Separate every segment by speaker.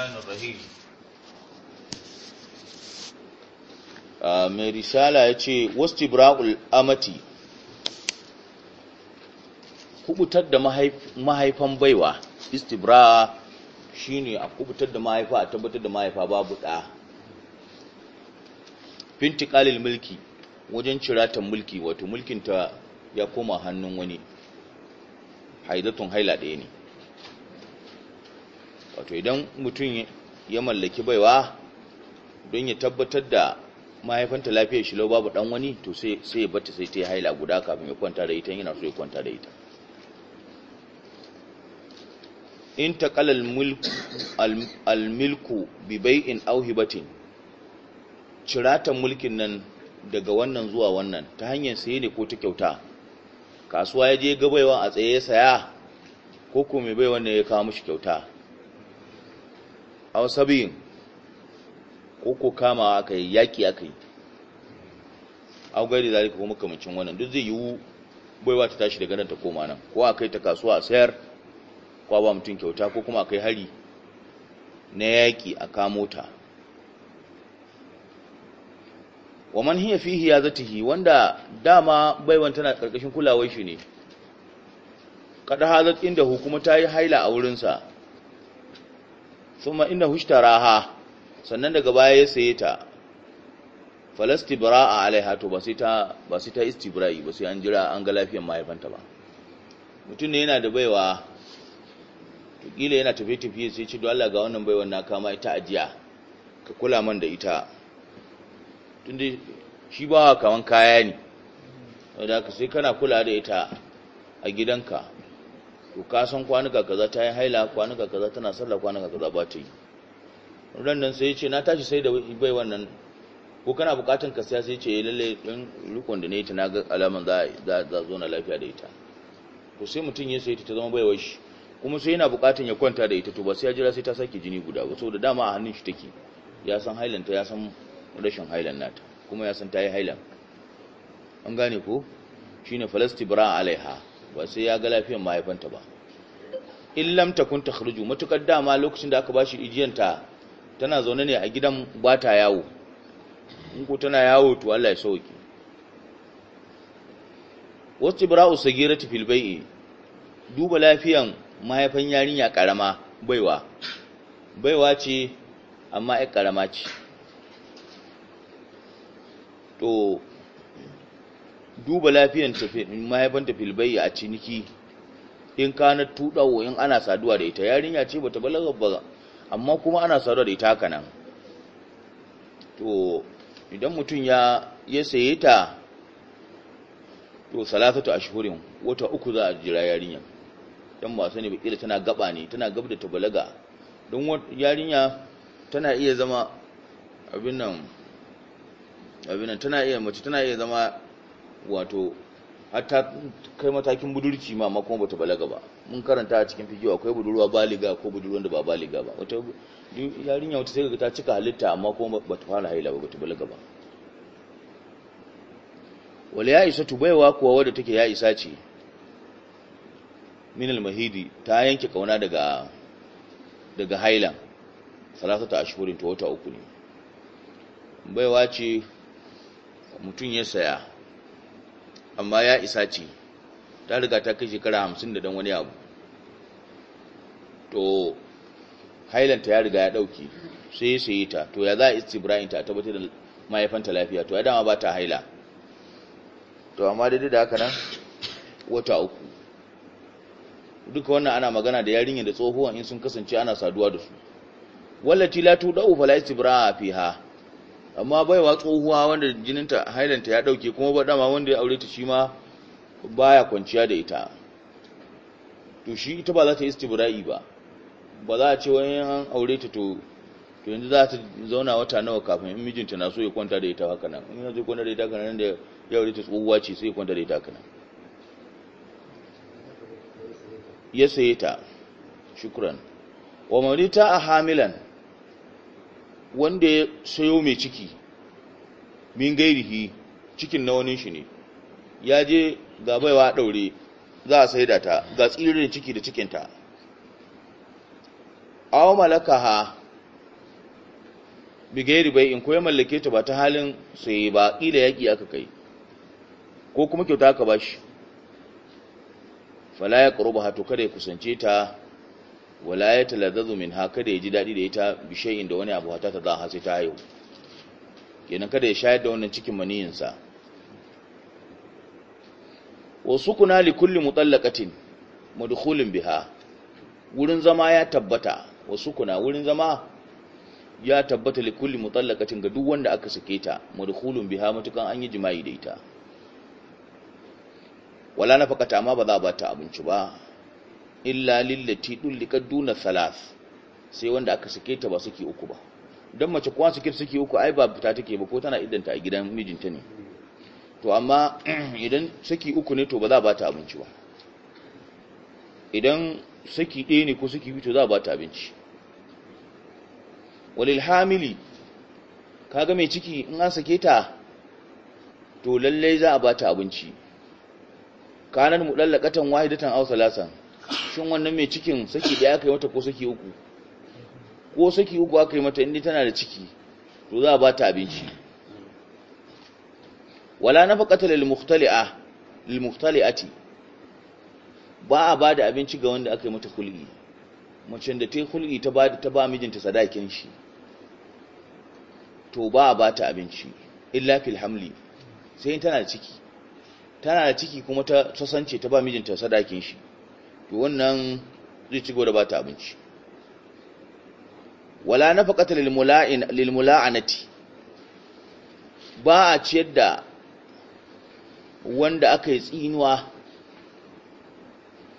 Speaker 1: الرحمن الرحيم mai risala ya ce wasu ibra'ul amati kubutar da mahaifan baiwa istibra shine a kubutar da mahaifa a tabbatar da mahaifa babu ɗa fintikalil mulki wajen ciratan mulki wato mulkinta ya koma hannun wani haidatun haila ɗaya ne wato idan mutum ya mallaki baiwa don ya tabbatar da mahaifanta lafiyar shi babu dan wani to sai sai bata sai ta haila guda kafin ya kwanta da ita yana so ya kwanta da ita in taqala al-milku bi bai'in aw hibatin ciratan mulkin nan daga wannan zuwa wannan ta hanyar saye ne ko ta kyauta kasuwa ya je gabaiwa a tsaye ya saya ko ko mai baiwa ne ya kawo mishi kyauta A wasa ko ko kama aka yi yaki aka yi aw da zalika kuma makamancin wannan duk zai yiwu baiwa ta tashi da nan ta koma nan ko a kai ta kasuwa a sayar ko ba mutum kyauta ko kuma a kai hari na yaki a kamo ta wa man hiya fihi ya hi wanda dama baiwan tana karkashin kulawar shi ne kada hazat da hukuma ta yi haila a wurinsa thumma innahu raha, sannan daga baya ya saye ta falastibra'a alaiha to ba sai ba sai ta istibra'i ba sai an jira an ga lafiyar mahaifanta ba mutum ne yana da baiwa kila yana tafiye tafiye sai ci don Allah ga wannan baiwar na kama ita ajiya ka kula man da ita tunda shi ba kaman kaya ne saboda haka sai kana kula da ita a gidanka to ka san kwanuka kaza ta yi haila kwanuka kaza tana sallah kwanuka kaza ba ta yi nan sai ya ce na tashi sai da bai wannan ko kana bukatun ka sai sai ce eh, lalle din rukun da ne ta na ga alaman za za zo na lafiya da ita to sai mutun ya sai ta zama baiwar shi kuma sai yana bukatun ya kwanta da ita to ba sai ya jira sai ta sake jini guda ba saboda dama a hannun shi take ya san hailan ta ya san rashin hailan nata kuma ya san ta yi hailan an gane ko shine falastibra alaiha ba sai ya ga lafiyan mahaifanta ba illam takun takhruju matukar dama lokacin da aka bashi ijiyanta tana zaune ne a gidan ba ta yawo in ku tana yawo to Allah ya sauke wasu ibra'u sagirati fil bai'i duba lafiyan mahaifan yarinya karama baiwa baiwa ce amma ai karama ce to duba lafiyan mahaifan tafil bayya a ciniki in ka na tudawo in ana saduwa da ita yarinya ce bata balaga ba amma kuma ana saduwa da ita haka nan to idan mutum ya ya saye ta to salatatu ashhurin wata uku za a jira yarinya dan ba sani ba kila tana gaba ne tana gab da ta balaga don yarinya tana iya zama abin nan abin nan tana iya mace tana iya zama wato hatta kai matakin budurci ma makon bata balaga ba mun karanta a cikin figiyo akwai budurwa baliga ko budurwan da ba baliga ba wata yarinya wata sai ta cika halitta amma kuma bata fara haila ba bata balaga ba wala ya isa tubaiwa kuwa wadda take ya isa ce minal mahidi ta yanke kauna daga daga haila salasata ashurin ta wata uku ne baiwa ce mutum ya saya amma ya isa ce ta riga ta kai shekara hamsin da dan wani abu to hailanta ya riga ya ɗauki sai sai ta to ya za a Ibrahim ta tabbatar da mahaifanta lafiya to ya dama ba ta haila to amma daidai da haka nan wata uku duka wannan ana magana da yarinyar da tsohuwan in sun kasance ana saduwa da su wallaci latu da'u fala istibra'a fiha amma baiwa tsohuwa wanda jininta hailanta ya dauke kuma ba dama wanda ya aure ta shi ma baya kwanciya da ita to shi ita ba za ta yi istibra'i ba ba za a ce wani an aure ta to to yanzu za ta zauna wata nawa kafin in mijinta na so ya kwanta da ita haka nan in zai kwanta da ita haka nan da ya aure ta tsohuwa ce sai ya kwanta da ita haka nan ya saye ta shukran wa maulita a hamilan wanda ya sayo mai ciki min gairihi cikin na wani shi ne ya je ga baiwa daure za a saida ta ga tsirin ciki da cikinta malaka ha bi gairi bai in koyi mallake ta ba ta halin sai ba ƙila yaƙi aka kai ko kuma kyauta aka bashi fala ya qurbaha to kada ya kusance ta wala ya talazzazu min kada ya ji daɗi da ita bishayin da wani abu hata ta za sai ta haihu kenan kada ya shayar da wannan cikin maniyinsa wasu kuna li kulli mutallaqatin biha wurin zama ya tabbata wasu kuna wurin zama ya tabbata li kulli mutallaqatin ga duk wanda aka sake ta madkhulun biha matukan an yi jima'i da ita wala nafaqata ma ba za a bata abinci ba illa lillati dullika duna salas sai wanda aka sake ta ba suke uku ba don mace kuwa suke suke uku ai ba fita take ba ko tana iddanta a gidan mijinta ne to amma idan saki uku ne to ba za ba ta abinci ba idan saki ɗaya ne ko saki biyu to za ba ta abinci walil hamili kaga mai ciki in an sake ta to lallai za a ba ta abinci kanar mudallaqatan wahidatan aw salasan shin wannan mai cikin saki da aka yi mata ko saki uku ko saki uku aka yi mata inda tana da ciki to za a ba ta abinci wala na faƙata lilmuktali'ati ba a ba da abinci ga wanda aka yi mata kulli macen da ta yi kulli ta ba ta ba mijinta sadakin shi to ba a ba ta abinci illa fil hamli sai tana da ciki tana da ciki kuma ta sasance ta ba mijinta sadakin shi to wannan zai ci da bata abinci wala nafaqata lil mula'in lil mula'anati ba a ciyar da wanda aka yi tsinuwa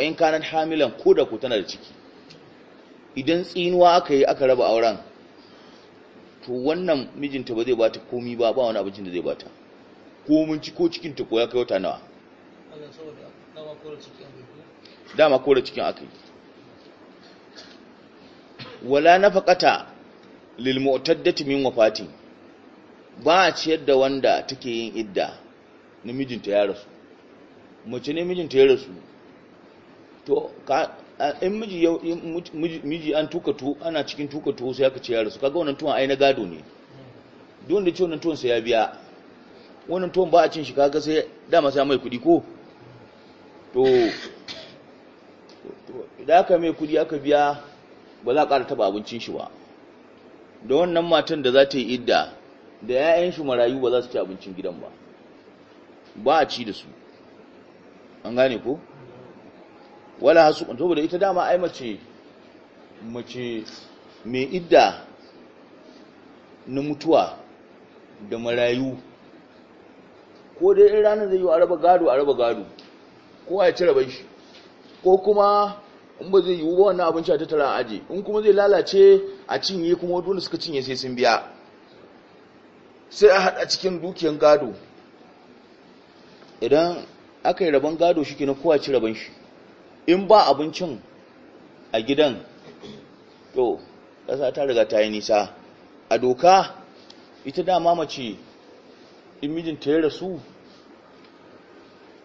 Speaker 1: in kanan hamilan ko da ku tana da ciki idan tsinuwa aka yi aka raba auren to wannan mijinta ba zai bata komi ba ba wani abincin da zai bata ko mun ci ko cikin ta ko ya kai wata nawa dama da cikin akai wala nafaqata lil mu'taddati min wafati ba a ciyar da wanda take yin idda mijinta ya rasu mace ne mijinta ya rasu to in miji miji an tuka ana cikin tuka sai aka ce ya rasu kaga wannan tuwon ai na gado ne don da ce wannan tuwon sai ya biya wannan tuwon ba a cin shi kaga sai dama sai mai kudi ko to Da aka mai kudi aka biya ba za a ƙara taba abincin shi ba da wannan matan da za ta yi idda da 'ya'yan shi marayu ba za su ci abincin gidan ba ba a ci da su an gane ko wala hasu kwanto da ita dama ai mace mace mai idda na mutuwa da marayu ko dai in ranar zai yi a raba gado a raba gado Ko a ci raban shi ko kuma in ba zai yiwu ba wannan abinci a tattara a aji in kuma zai lalace a cinye kuma dole suka cinye sai sun biya sai a haɗa cikin dukiyan gado idan aka yi rabon gado shi ke na kowace rabon shi in ba abincin a gidan to ƙasa ta riga ta yi nisa a doka ita dama mace in mijinta ya rasu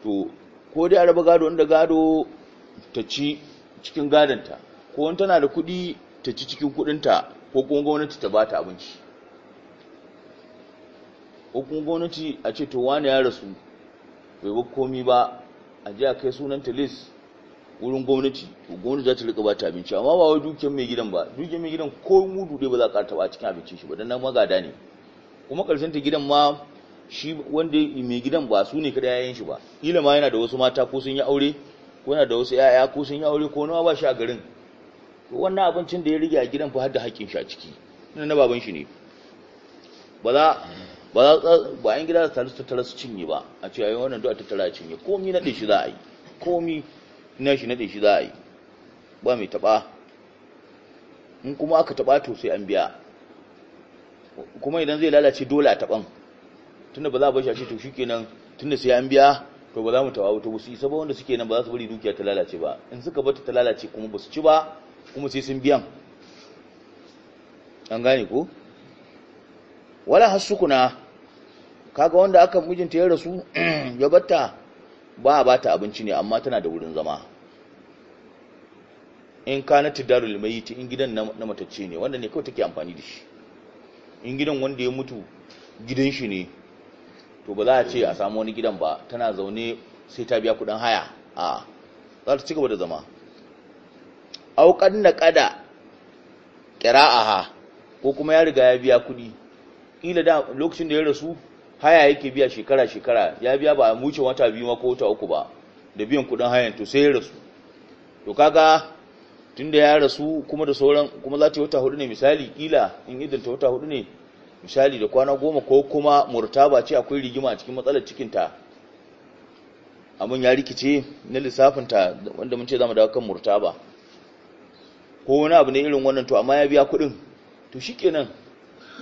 Speaker 1: to ko dai a raba gado inda gado ta ci cikin gadonta ko wani tana da kuɗi ta ci cikin kuɗinta ko kuma gwamnati ta bata abinci ko kuma gwamnati a ce to wani ya rasu bai ba komi ba a ji a kai sunan talis lis wurin gwamnati to gwamnati za ta rika bata abinci amma ba wai dukiyar mai gidan ba dukiyar mai gidan ko mudu dai ba za ka taɓa cikin abincin shi ba don nan magada ne kuma ƙarshen ta gidan ma shi wanda mai gidan ba su ne kada yayin shi ba ilima ma yana da wasu mata ko sun yi aure kuna da wasu yaya ko sun yi aure ko nawa ba shi a garin wannan abincin da ya rige a gidan fa har da haƙƙin shi a ciki na baban shi ne ba za ba za ba an gida ta tattara su cinye ba a ce ayi wannan duk a tattara cinye komi na shi za a yi komi na shi na shi za a yi ba mai taba in kuma aka taba to sai an biya kuma idan zai lalace dole a taban tunda ba za a bar shi a ce to shikenan tunda sai an biya to ba za mu tawa wata wasu isa ba wanda suke nan ba za su bari dukiya ta lalace ba in suka bata ta lalace kuma ba su ci ba kuma sai sun biyan an gane ko wala hasukuna kaga wanda aka mijinta ya rasu ya batta ba a bata abinci ne amma tana da wurin zama in ka na tidarul mayiti in gidan na matacce ne wanda ne kawai take amfani da shi in gidan wanda ya mutu gidan shi ne to ba za a ce a samu wani gidan ba tana zaune sai ta biya kudin haya a za ta ci gaba da zama aukar na ƙada ha, ko kuma ya riga ya biya kudi ƙila da lokacin da ya rasu haya yake biya shekara-shekara ya biya ba a muce wata biyu ma ko wata uku ba da biyan kudin hayan to sai ya rasu to kaga tun da ya rasu kuma da sauran kuma za ta yi wata hudu ne misali ƙila in idanta wata hudu ne misali da kwana goma ko kuma murtaba ce akwai rigima a cikin matsalar cikinta abin ya rikice na lissafinta wanda mun ce za mu dawo kan murtaba ko wani abu ne irin wannan to amma ya biya kuɗin to shi kenan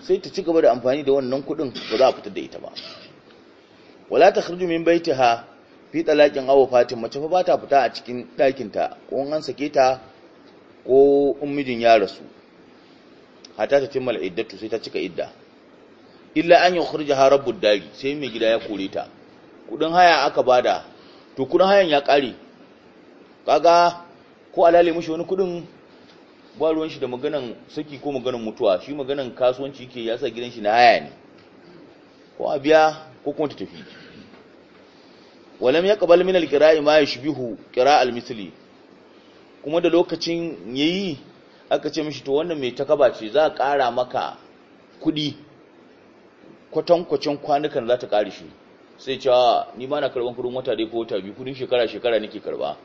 Speaker 1: sai ta ci gaba da amfani da wannan kuɗin ba za a fitar da ita ba wala ta khirju min baitiha fi talaqin aw fatin mace fa ba ta fita a cikin ɗakinta ko an sake ta ko in mijin ya rasu Hata ta timmal iddatu sai ta cika idda illa an yukhrijaha rabbud dari sai mai gida ya kore ta kudin haya aka bada to kudin hayan ya kare kaga ko alale mushi wani kudin ba ruwan shi da maganan saki ko maganan mutuwa shi maganan kasuwanci yake ya sa gidan shi na haya ne ko a biya ko kuma ta tafi walam yaqbal min al-qira'i ma yashbihu qira'a al-misli kuma da lokacin yayi aka ce mishi to wannan mai takaba ce za a ƙara maka kudi kwatankwacin kwanukan za ta ƙari shi sai cewa ni ma na karɓar kudin wata dai ko wata biyu kudin shekara shekara nake karɓa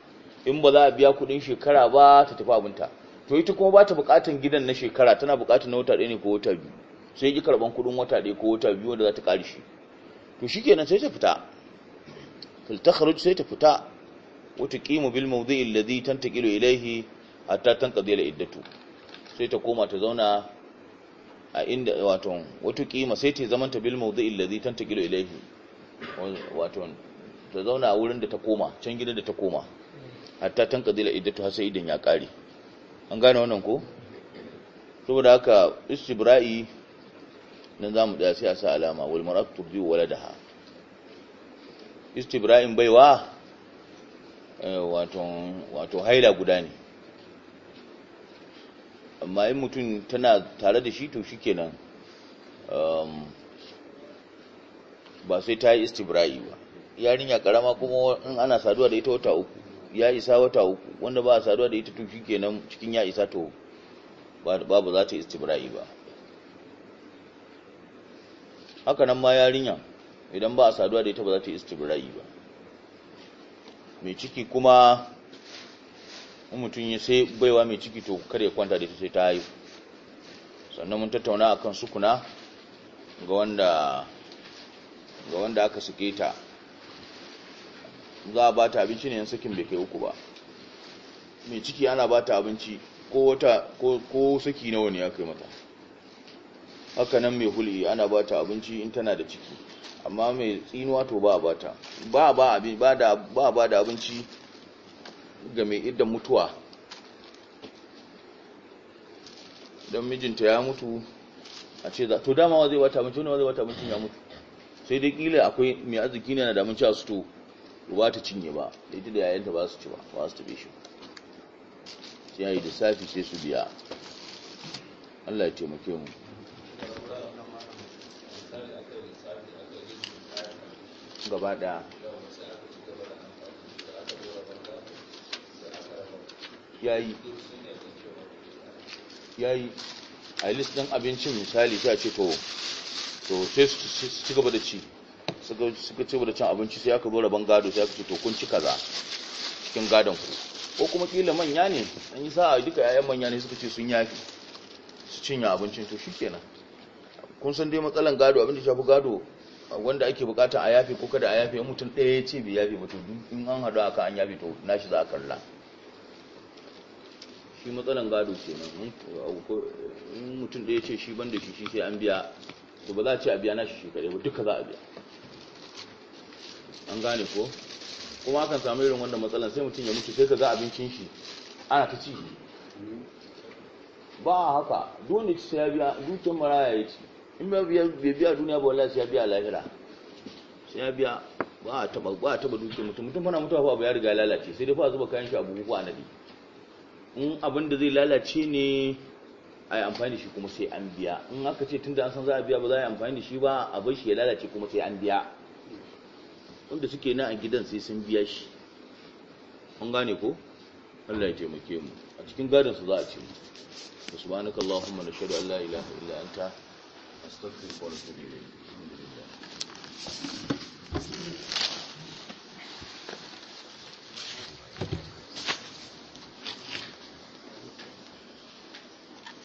Speaker 1: in ba za a biya kudin shekara ba ta tafi abinta to ita kuma ba ta buƙatan gidan na shekara tana buƙatan na wata ɗaya ne ko wata biyu sai ki karɓar kudin wata ɗaya ko wata biyu wanda za ta ƙari shi to shikenan sai ta fita faltakhruj sai ta fita wa taqimu bil mawdi'i alladhi tantaqilu ilayhi hatta tanqadi al iddatu sai ta koma ta zauna a inda wato wato kima sai ta zamanta bil mawdhi allazi tantaqilu ilayhi wato ta zauna a wurin da ta koma can gidan da ta koma hatta tanqadila iddatu har sai idan ya kare an gane wannan ko saboda haka istibra'i nan zamu da sai a sa alama wal mar'atu turdi waladaha istibra'in baiwa eh, wato wato haila guda ne amma in mutum tana tare da shi to kenan um, ba sai ta yi istibra'i ba ya karama kuma in ana saduwa da ita wata uku ya isa wata uku wanda ba a saduwa da ita to kenan cikin ya isa to babu za ta istibra'i ba haka nan ma yarinya idan ba a saduwa da ita ba za ta istibra'i ba mai ciki kuma in mutum ya sai baiwa mai ciki to kare kwanta da ita sai ta haihu sannan mun tattauna a kan sukuna ga wanda ga wanda aka suke ta za a ba ta abinci ne yan sakin bai kai uku ba mai ciki ana ba ta abinci ko wata ko saki nawa ne ya kai mata haka nan mai huli ana ba ta abinci in tana da ciki amma mai tsinuwa to ba a ba ta ba a ba da abinci ga mai idan mutuwa don mijinta ya mutu a ce za to dama zai wata mutu wani zai wata mutu ya mutu sai dai kila akwai mai arziki ne na damun cewa su to ruwa ta cinye ba da ita da yayanta ba su ci ba ba su tabe shi sai yayi safi sai su biya Allah ya taimake mu gaba daya ya yi a yi listin abincin misali sai a ce to to sai su ci gaba da ci suka ci gaba da cin abinci sai aka zo ban gado sai aka ce to kun ci kaza cikin gadon ku ko kuma kila manya ne an yi sa'a duka yayan manya ne suka ce sun yafi su cinye abincin to kenan kun san dai matsalan gado abin da shafi gado wanda ake bukata a yafe ko kada a yafe mutum ɗaya ya ce bai yafe ba to in an haɗu aka an yafe to nashi za a kalla shi matsalan gado ke nan in mutum da ya ce shi banda shi shi sai an biya to ba za a ce a biya na shi shi kare ba duka za a biya an gane ko kuma akan samu irin wanda matsalan sai mutum ya mutu sai ka ga abincin shi ana ta ci ba haka dole ci ya biya dukkan maraya ya ci in ba biya biya duniya ba wallahi ya biya lahira sai ya biya ba a taba ba a taba dukiyar mutum mutum fana mutuwa ba ya riga lalace sai dai fa zuba kayan shi a buhu ko a in abin da zai lalace ne a yi amfani da shi kuma sai an biya in aka ce tun da an san za a biya ba za a yi amfani da shi ba a bar shi ya lalace kuma sai an biya wanda suke na a gidan sai sun biya shi an gane ko Allah ya taimake mu a cikin gadon su za a ce mu subhanaka allahumma nashhadu an la ilaha illa anta astaghfiruka wa atubu ilayk